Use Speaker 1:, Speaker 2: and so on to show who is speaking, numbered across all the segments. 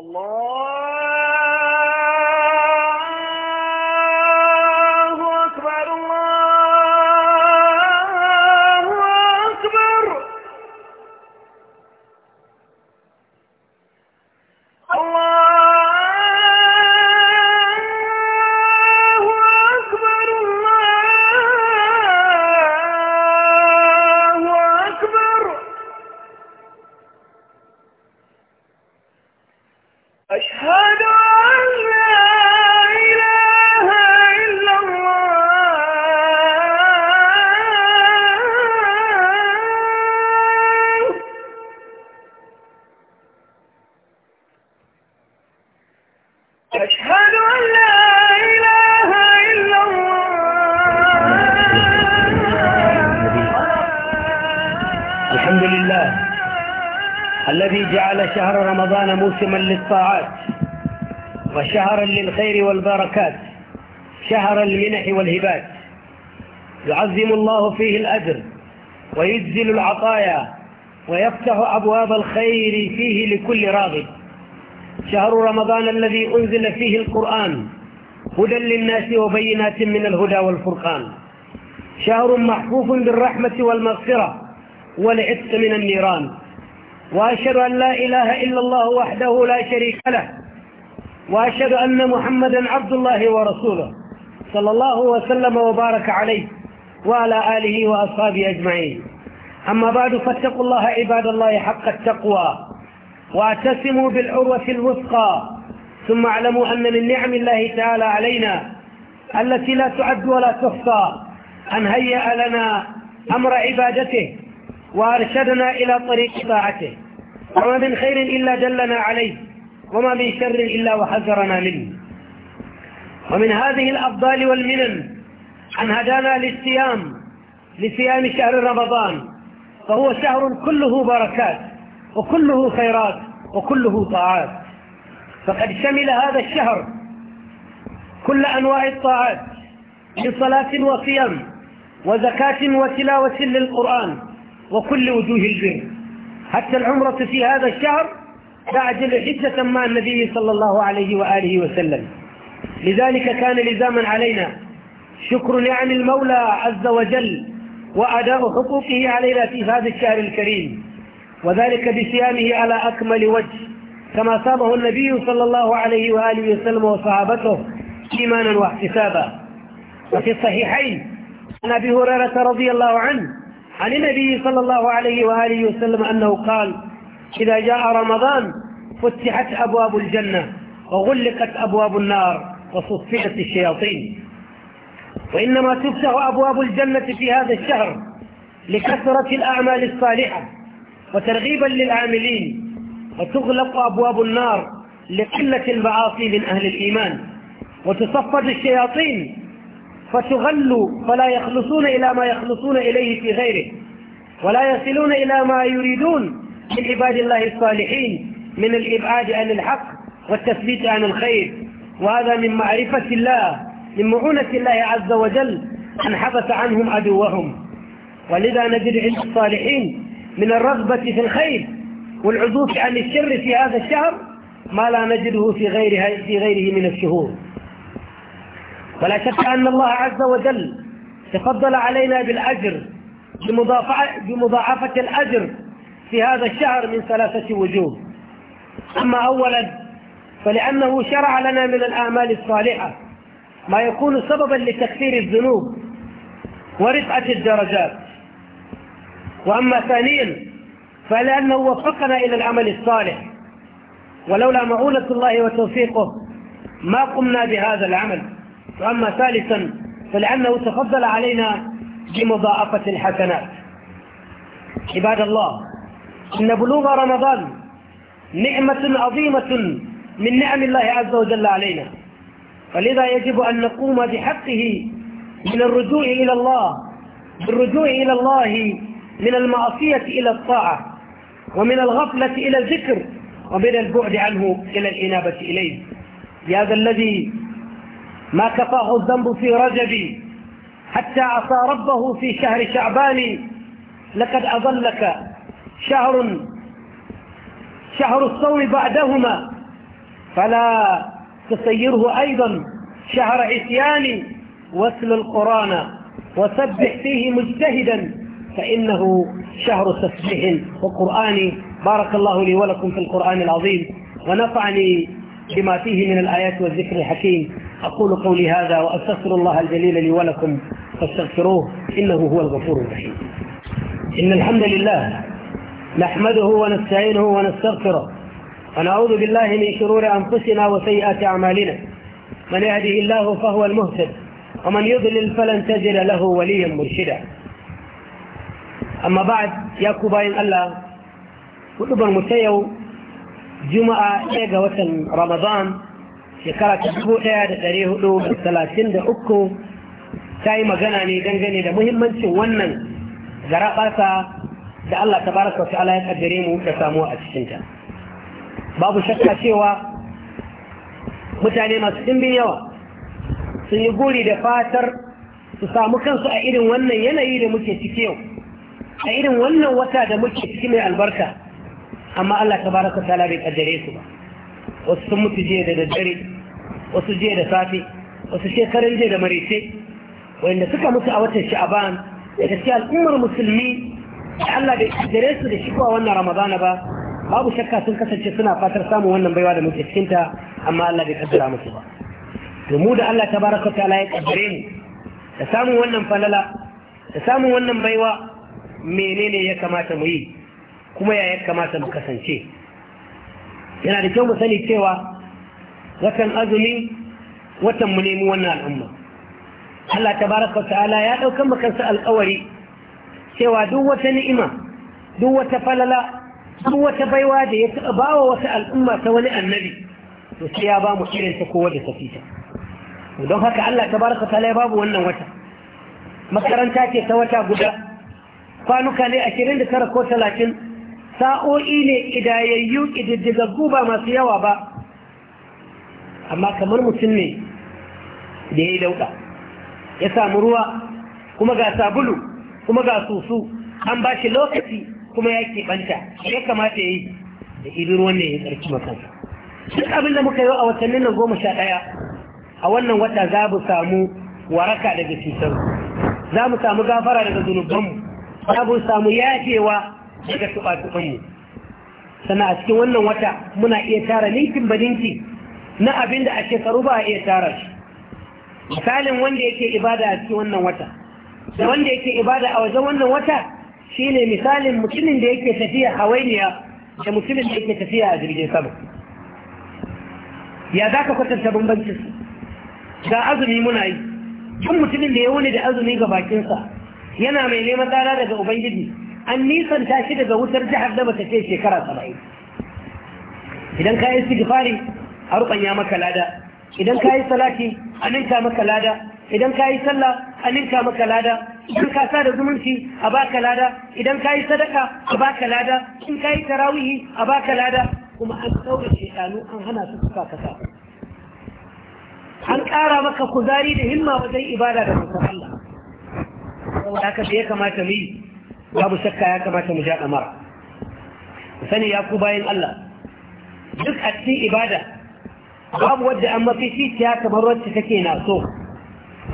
Speaker 1: الله رمضان موسما للطاعات وشهرا للخير والبركات شهر المنح والهبات يعظم الله فيه الأجر ويجزل العطايا ويفتح أبواب الخير فيه لكل راغب شهر رمضان الذي أنزل فيه القرآن هدى للناس وبينات من الهدى والفرقان شهر محفوف بالرحمة والمغفرة والعتق من النيران وأشهد أن لا إله إلا الله وحده لا شريك له وأشهد أن محمدا عبد الله ورسوله صلى الله وسلم وبارك عليه وعلى آله وأصحابه أجمعين أما بعد فاتقوا الله عباد الله حق التقوى واعتصموا بالعروة الوثقى ثم اعلموا أن من نعم الله تعالى علينا التي لا تعد ولا تحصى أن هيأ لنا أمر عبادته وأرشدنا إلى طريق طاعته وما من خير إلا دلنا عليه وما من شر إلا وحذرنا منه ومن هذه الأفضال والمنن أن هدانا للصيام لصيام شهر رمضان فهو شهر كله بركات وكله خيرات وكله طاعات فقد شمل هذا الشهر كل أنواع الطاعات من صلاة وصيام وزكاة وتلاوة للقرآن وكل وجوه البر حتى العمرة في هذا الشهر تعجل الحجة مع النبي صلى الله عليه وآله وسلم لذلك كان لزاما علينا شكر نعم المولى عز وجل وأداء حقوقه علينا في هذا الشهر الكريم وذلك بصيامه على أكمل وجه كما صامه النبي صلى الله عليه وآله وسلم وصحابته إيمانا واحتسابا وفي الصحيحين عن أبي هريرة رضي الله عنه عن النبي صلى الله عليه وآله وسلم أنه قال إذا جاء رمضان فتحت أبواب الجنة وغلقت أبواب النار وصفحت الشياطين وإنما تفتح أبواب الجنة في هذا الشهر لكثرة الأعمال الصالحة وترغيبا للعاملين وتغلق أبواب النار لقلة المعاصي من أهل الإيمان وتصفد الشياطين فتغلوا فلا يخلصون إلى ما يخلصون إليه في غيره ولا يصلون إلى ما يريدون من عباد الله الصالحين من الإبعاد عن الحق والتثبيت عن الخير وهذا من معرفة الله من معونة الله عز وجل أن حبس عنهم عدوهم ولذا نجد عند الصالحين من الرغبة في الخير والعزوف عن الشر في هذا الشهر ما لا نجده في غيره, في غيره من الشهور ولا شك أن الله عز وجل تفضل علينا بالأجر بمضاعفة الأجر في هذا الشهر من ثلاثة وجوه أما أولا فلأنه شرع لنا من الأعمال الصالحة ما يكون سببا لتكثير الذنوب ورفعة الدرجات وأما ثانيا فلأنه وفقنا إلى العمل الصالح ولولا معونة الله وتوفيقه ما قمنا بهذا العمل وأما ثالثا فلأنه تفضل علينا بمضاعفة الحسنات عباد الله إن بلوغ رمضان نعمة عظيمة من نعم الله عز وجل علينا فلذا يجب أن نقوم بحقه من الرجوع إلى الله بالرجوع إلى الله من المعصية إلى الطاعة ومن الغفلة إلى الذكر ومن البعد عنه إلى الإنابة إليه لهذا الذي ما كفاه الذنب في رجب حتى عصى ربه في شهر شعبان لقد أظلك شهر شهر الصوم بعدهما فلا تسيره أيضا شهر عصيان واسل القرآن وسبح فيه مجتهدا فإنه شهر تسبيح وقرآن بارك الله لي ولكم في القرآن العظيم ونفعني بما فيه من الآيات والذكر الحكيم أقول قولي هذا وأستغفر الله الجليل لي ولكم فاستغفروه إنه هو الغفور الرحيم إن الحمد لله نحمده ونستعينه ونستغفره ونعوذ بالله من شرور أنفسنا وسيئات أعمالنا من يهده الله فهو المهتد ومن يضلل فلن تجد له وليا مرشدا أما بعد يا كوباين الله كتب المتيو جمعة إيجا رمضان shekara ta dubu ɗaya da ɗari hudu da talatin da uku ta yi magana ne dangane da muhimmancin wannan garaɓarsa da Allah ta baraka wata ala ya mu da samuwa a cikinta babu shakka cewa mutane masu ɗimbin yawa sun yi guri da fatar su samu kansu a irin wannan yanayi da muke ciki yau a irin wannan wata da muke ciki mai albarka amma Allah ta baraka wata ala bai su ba wasu sun mutu jiya da daddare wasu jiya da safe wasu shekarun jiya da marece wanda suka mutu a watan sha'aban da gaskiya al'ummar musulmi da Allah da dare su da shigowa wannan ramadana ba babu shakka sun kasance suna fatar samun wannan baiwa da muke cikinta amma Allah bai kaddara musu ba to mu da Allah tabaraka ta'ala ya kaddare mu da samun wannan falala da samun wannan baiwa menene ya kamata mu yi kuma ya ya kamata mu kasance yana da kyau mu sani cewa watan azumi watan mu nemi wannan al'umma Allah Ta baraka ta'ala ya ɗaukar makansa alƙawari cewa duk wata ni'ima duk wata falala duk wata baiwa da ya taɓa bawa wata al'umma ta wani annabi to sai ya ba mu irin ta kowa da tafita don haka Allah Ta baraka ta'ala ya babu wannan wata makaranta ce ta wata guda kwanuka ne ashirin da tara ko talatin sa'o'i ne ƙidayayyu ƙididdigaggu ba masu yawa ba amma kamar mutum ne da ya yi dauɗa ya samu ruwa kuma ga sabulu kuma ga soso an ba shi lokaci kuma ya keɓanta ya kamata ya yi da ibi wannan ne ya tsarki makansa duk abin da muka yi a watannin nan goma sha ɗaya a wannan wata za mu samu waraka daga cutar za mu samu gafara daga zunubanmu za mu samu yafewa daga tuba tuɓan ne sannan a cikin wannan wata muna iya tara ninkin ba na abin da a shekaru ba a iya tara shi misalin wanda yake ibada a cikin wannan wata da wanda yake ibada a wajen wannan wata shine misalin mutumin da yake tafiya hawainiya da mutumin da yake tafiya a jirgin sama ya za ka kwatanta bambancin su ga azumi muna yi tun mutumin da ya wuni da azumi ga bakinsa yana mai neman tsara daga ubangiji an ta shi daga wutar jihar da bata ce shekara saba'in idan ka yi sigifari a rubanya maka lada idan ka yi salati a ninka maka lada idan ka yi sallah a ninka maka lada idan ka sa da zumunci a baka lada idan ka yi sadaka a baka lada in ka yi tarawihi a baka lada kuma an ɗaura shekaru an hana su suka kasa an ƙara maka kuzari da himma wajen ibada da mutum Allah saboda haka da ya kamata mu yi babu shakka ya kamata mu ja mara. sani ya ku bayin Allah duk a cikin ibada babu wadda an mafi titiya kamar wacce take na so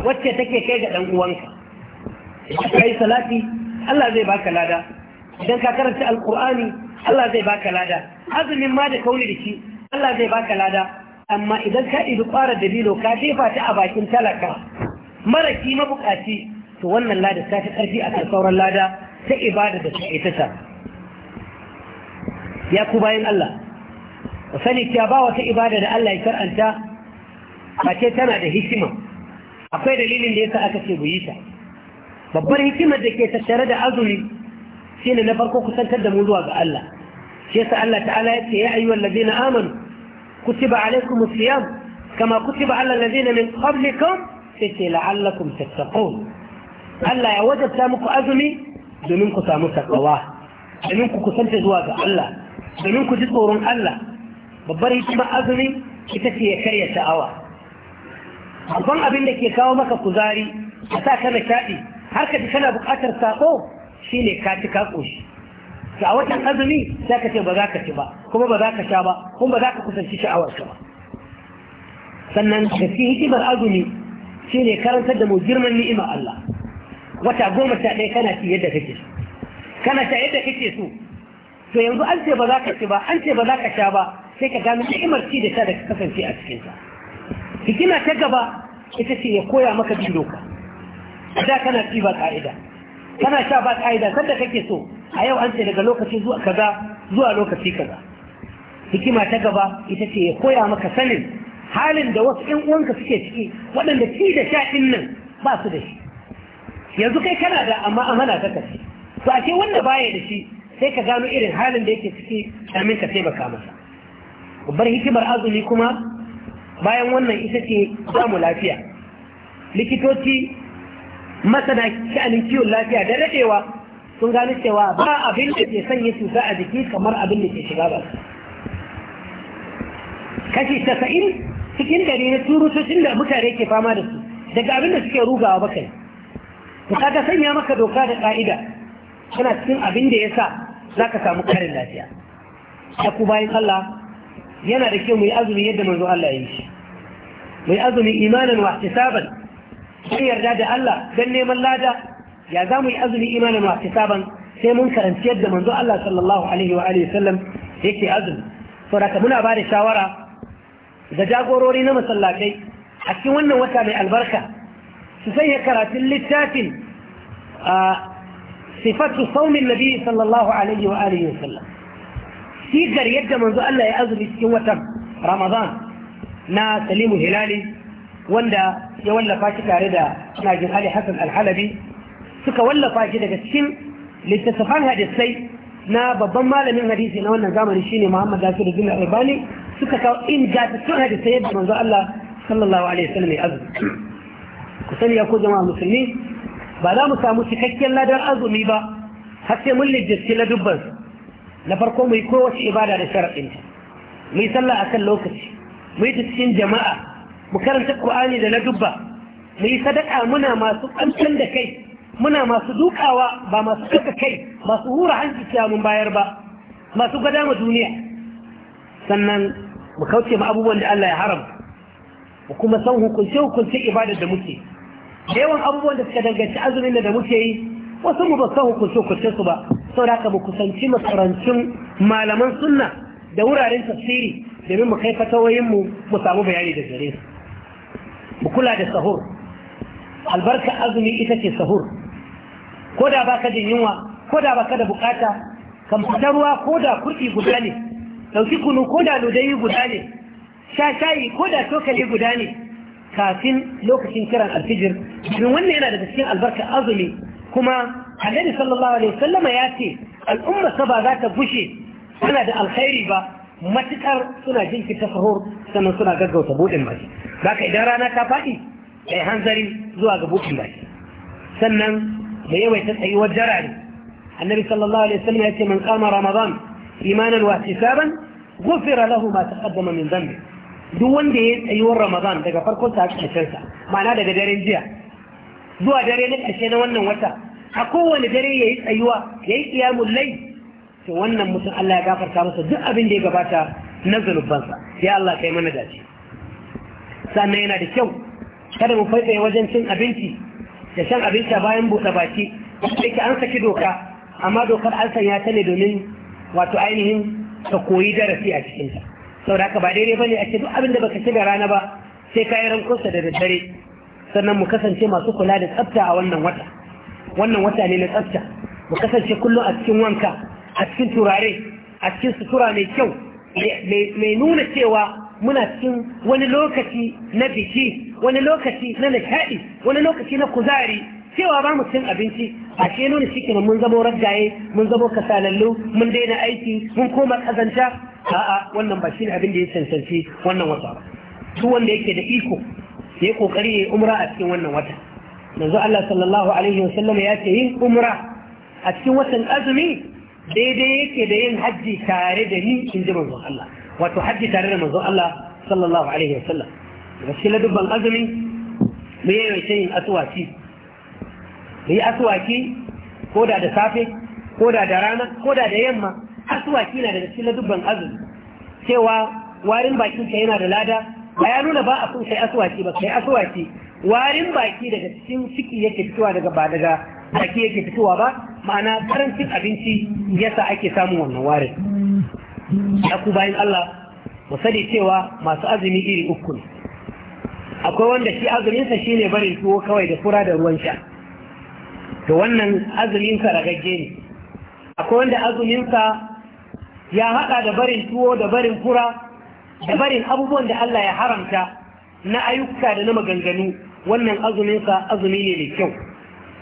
Speaker 1: wacce take kai ga dan uwanka kai salati Allah zai baka lada idan ka karanta alqur'ani Allah zai baka lada azumin ma da kauli dake Allah zai baka lada amma idan ka ibi ƙwara dalilo ka jefa ta a bakin talaka mara ki mabukaci to wannan lada ta ta karfi a kan sauran lada ta ibada da ta ita ta ya ku bayan Allah ku sani cewa ba wata ibada da Allah ya karanta ba ce tana da hikima akwai dalilin da yasa aka ce ku yi ta babbar hikimar da ke tattare da azumi shi ne na farko kusantar da mu zuwa ga Allah shi yasa Allah ta'ala ya ce ya ayyuhal na amanu kutiba alaykumus siyam kama kutiba alal na min qablikum sai ce la'allakum tattaqun Allah ya wajabta muku azumi domin ku samu takawa domin ku kusanta zuwa ga Allah domin ku ji tsoron Allah babbar hikima azumi ita ce ya karya sha'awa babban abin da ke kawo maka kuzari a sa ka nishaɗi har ka ji kana buƙatar sako shine ka ci ka ƙoshi ga watan azumi sai ka ce ba za ka ci ba kuma ba za ka sha ba kuma ba za ka kusanci sha'awar ka ba sannan da fi hikimar azumi shine karantar da mu girman ni'imar Allah wata goma sha ɗaya kana ci yadda kake so kana sha yadda kake so to yanzu an ce ba za ka ci ba an ce ba za ka sha ba sai ka gano ni'imar ci da sha da ka kasance a ta hikima ta gaba ita ce ya koya maka bin doka da kana ci ba ka'ida kana sha ba ka'ida sanda kake so a yau an ce daga lokaci zuwa kaza zuwa lokaci kaza hikima ta gaba ita ce ya koya maka sanin halin da wasu 'yan uwanka suke ciki waɗanda ci da sha ɗin nan ba su da shi yanzu kai kana da amma amana ta kace to ce wanda baya da shi sai ka gano irin halin da yake ciki kamin ka taimaka masa babbar hikimar azumi kuma bayan wannan ita ce samu lafiya likitoci masana sha'anin kiwon lafiya da daɗewa sun gano cewa ba abin da ke sanya cuta a jiki kamar abin da ke shiga ba kashi tasa'in cikin gari na turutocin da mutane ke fama da su daga abin da suke rugawa bakai to kaga sanya maka doka da ka'ida kana cikin abin da yasa zaka samu karin lafiya da ku bayan Allah yana da kyau mu yi azumi yadda manzo Allah ya yi shi mu yi azumi imanan wa ihtisaban sai yarda da Allah dan neman lada ya za mu yi azumi imanan wa ihtisaban sai mun karanci yadda manzo Allah sallallahu alaihi wa alihi sallam yake azumi saboda muna ba da shawara ga jagorori na masallatai a cikin wannan wata mai albarka سفيه كرهه للساكن صفات صوم النبي صلى الله عليه واله وسلم سيقدر يبدا منذ ان لا يأذن يسكن وتم رمضان نا سليم الهلالي وندا يولى فاشكا رضا ناجي علي حسن الحلبي سكا ولى فاشكا السن لتسفان هذا السي نا ببما لم يحدث نا وانا زامن الشيني محمد داخل الدين الارباني سكا ان جاء تسفان هذا السيد منذ الله صلى الله عليه وسلم يأذن ku sani ya ku jama'a musulmi ba za mu samu cikakken ladar azumi ba har sai mun lijjiski ladubban na farko mu yi kowace ibada da sharaɗinta mu yi sallah akan lokaci mu yi cikin jama'a mu karanta ƙwa'ani da ladubba mu yi sadaka muna masu ƙamshin da kai muna masu dukawa ba masu ɗaga kai masu hura hanci cewa mun bayar ba masu gwada ma duniya sannan mu kauce ma abubuwan da Allah ya haram mu kuma san hukunce hukunce ibadar da muke da yawan abubuwan da suka danganci azumin da muke yi wasu mu ba san hukunce hukunce su ba saboda haka mu kusanci makarantun malaman sunna da wuraren tafsiri domin mu kai fatawoyin mu mu samu bayani da gare su mu kula da sahur albarka azumi ita ce sahur ko da baka jin yunwa ko da baka da bukata kan fita ruwa ko da kurki guda ne ɗauki kunu ko da ludayi guda ne sha shayi ko da cokali guda ne كافين لوكشين كران الفجر من وين أنا دكتين البركة أظلي كما حديث صلى الله عليه وسلم يأتي الأمة صبا ذات بوشي أنا ذا الخير با ما تكر سنا جنك تفهور سنا سنا جدو تبود الماجي ذاك إدارة أنا كفائي أي هنزري زوا جبوك الماجي سنا بيوي تسعي والجرعي النبي صلى الله عليه وسلم يأتي من قام رمضان إيمانا واحتسابا غفر له ما تقدم من ذنبه duk wanda ya tsayuwar ramadan daga farkon ta ƙarshen sa ma'ana daga daren jiya zuwa dare na ƙarshe na wannan wata a kowane dare ya yi tsayuwa ya yi tsayamun lai to wannan mutum Allah ya gafarta masa duk abin da ya gabata na zunubansa ya Allah kai mana dace sannan yana da kyau kada mu faifai wajen cin abinci da shan abinci a bayan buɗe baki sai an saki doka amma dokar an sanya ta ne domin wato ainihin ka koyi darasi a cikinta sau da ba daidai bane a ce duk abin da baka ci da rana ba sai ka yi rankonsa da daddare sannan mu kasance masu kula da tsafta a wannan wata wannan wata ne na tsafta mu kasance kullum a cikin wanka a cikin turare a cikin sutura mai kyau mai nuna cewa muna cikin wani lokaci na biki wani lokaci na nishaɗi wani lokaci na kuzari cewa ba mu cin abinci a ce nuna shi mun zamo raggaye mun zamo kasalallu mun daina aiki mun koma kazanta a'a wannan ba shine abin da ya cancanci wannan wata ba duk wanda yake da iko ya kokari ya yi umra a cikin wannan wata manzo Allah sallallahu alaihi wasallam ya ce yin umra a cikin watan azumi daidai yake da yin hajji tare da ni in ji manzon Allah wato hajji tare da manzon Allah sallallahu alaihi Sallam. gaskiya na dubban azumi mu yi yawaita yin asuwaki mu yi asuwaki ko da da safe ko da da rana ko da da yamma aswaki na daga cikin ladubban azumi cewa warin bakin ka yana da lada ba ya nuna ba a kun kai ba kai aswaki warin baki daga cikin ciki yake fitowa daga ba daga baki yake fitowa ba ma'ana karancin abinci yasa ake samun wannan warin ya ku bayan Allah mu sani cewa masu azumi iri uku ne akwai wanda shi azuminsa shine barin tuwo kawai da fura da ruwan sha to wannan azuminsa ragagge ne akwai wanda azuminsa ya haɗa da barin tuwo da barin kura da barin abubuwan da Allah ya haramta na ayyuka da na maganganu wannan azuminsa azumi ne mai kyau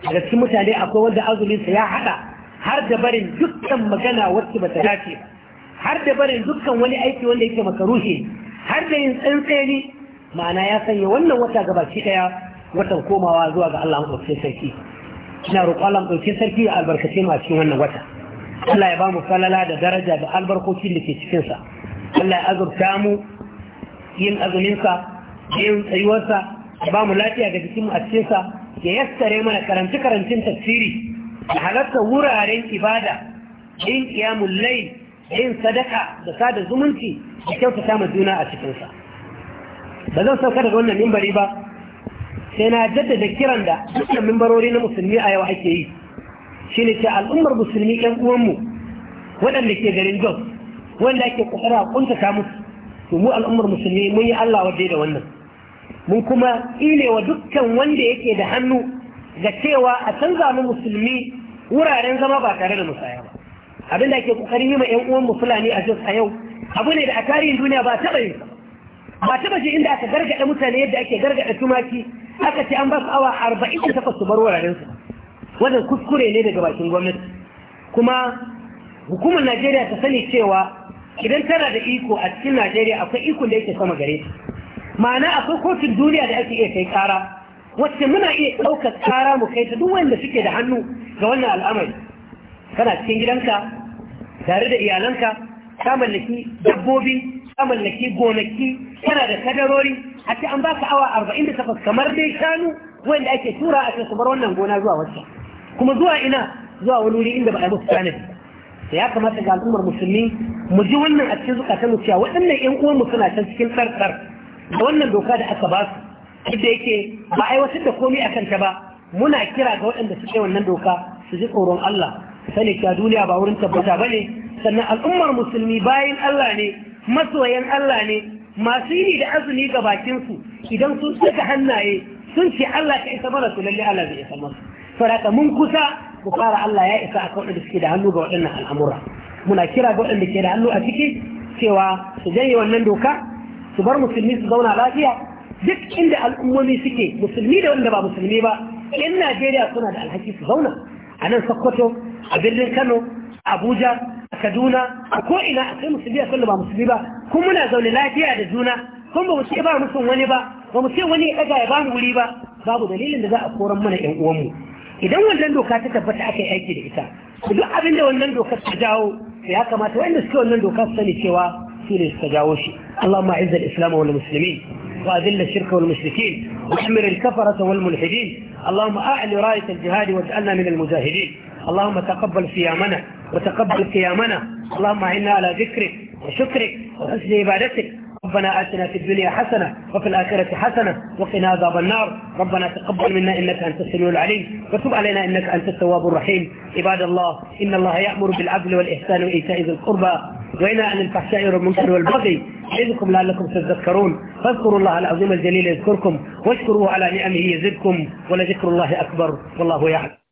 Speaker 1: daga cikin mutane akwai wanda azuminsa ya haɗa har da barin dukkan magana wacce ba ta dace har da barin dukkan wani aiki wanda yake makaruhi har da yin tsantseni ma'ana ya sanya wannan wata gabaki ɗaya watan komawa zuwa ga Allah maɗaukakin sarki ina roƙon Allah sarki ya albarkace mu a cikin wannan wata Allah ya ba mu falala da daraja da albarkocin da ke cikinsa Allah ya azurta mu yin azuminsa yin tsayuwarsa ya ba mu lafiya da jikinmu a cikinsa ya yastare mana karanci karancin tafsiri da halarta wuraren ibada yin kiyamun lai yin sadaka da sada zumunci da kyautata ma juna a cikinsa ba zan sauka daga wannan mimbari ba sai na jaddada kiran da dukkan mimbarori na musulmi a yau ake yi shi ne ce al'ummar musulmi yan'uwanmu uwanmu waɗanda ke garin jos wanda ake ƙoƙara kunta ta musu to mu al'ummar musulmi mun yi Allah waje da wannan mun kuma ilewa dukkan wanda yake da hannu ga cewa a canza mu musulmi wuraren zama ba tare da musaya ba abin da ake ƙoƙarin yi ma ‘yan uwanmu fulani a jos a yau abu ne da a tarihin duniya ba taɓa yin ba taɓa je inda aka gargaɗa mutane yadda ake gargaɗa tumaki aka ce an ba su awa arba'in da takwas su bar wurarensu wannan kuskure ne daga bakin gwamnati kuma hukumar najeriya ta sani cewa idan tana da iko a cikin najeriya akwai iko da yake sama gare ta ma'ana akwai kotun duniya da ake iya kai kara wacce muna iya ɗaukar kara mu kai ta duk wanda suke da hannu ga wannan al'amari kana cikin gidanka tare da iyalanka ka mallaki dabbobi ka mallaki gonaki kana da kadarori a ce an baka awa arba'in da kamar dai shanu wanda ake tura a cikin bar wannan gona zuwa wacce kuma zuwa ina zuwa wani wuri inda ba a musu tanadi da ya kamata ga al'ummar musulmi mu ji wannan a cikin zukatan mu cewa waɗannan ƴan uwan mu suna can cikin tsartsar da wannan doka da aka ba su duk da yake ba aiwatar da komai a kanta ba muna kira ga waɗanda suke wannan doka su ji tsoron Allah sani cewa duniya ba wurin tabbata bane sannan al'ummar musulmi bayan Allah ne masoyan Allah ne masu yi da azumi ga bakin su idan sun saka hannaye sun ce Allah ka isa mana su lalle Allah zai isa masu saboda mun kusa ku fara Allah ya isa akan waɗanda suke da hannu ga waɗannan al'amura muna kira ga waɗanda ke da hannu a ciki cewa su janye wannan doka su bar musulmi su zauna lafiya duk inda al'ummomi suke musulmi da wanda ba musulmi ba in Najeriya suna da alhaki su zauna a nan Sokoto a birnin Kano Abuja a Kaduna a ko ina kai musulmi a wanda ba musulmi ba kun muna zaune lafiya da juna kun ba mu ce ba musun wani ba ba mu ce wani ya ɗaga ya ba mu wuri ba babu dalilin da za a koran mana ƴan uwanmu idan wannan doka ta tabbata aka yi aiki da ita duk abin da wannan doka ta jawo ya kamata wanda suke wannan doka su sani cewa su ne suka jawo shi Allahumma a'izz al-islam wal muslimin wa ash-shirk وأذل الشرك والمشركين وأحمر الكفرة والملحدين اللهم أعل راية الجهاد واجعلنا من المجاهدين اللهم تقبل صيامنا وتقبل قيامنا اللهم أعنا على ذكرك وشكرك وحسن عبادتك ربنا آتنا في الدنيا حسنة وفي الآخرة حسنة وقنا عذاب النار ربنا تقبل منا إنك أنت السميع العليم وتب علينا إنك أنت التواب الرحيم عباد الله إن الله يأمر بالعدل والإحسان وإيتاء ذي القربى وينا عن الفحشاء والمنكر والبغي يعظكم لعلكم تذكرون فاذكروا الله العظيم الجليل يذكركم واشكروه على نعمه يزدكم ولذكر الله أكبر والله يعلم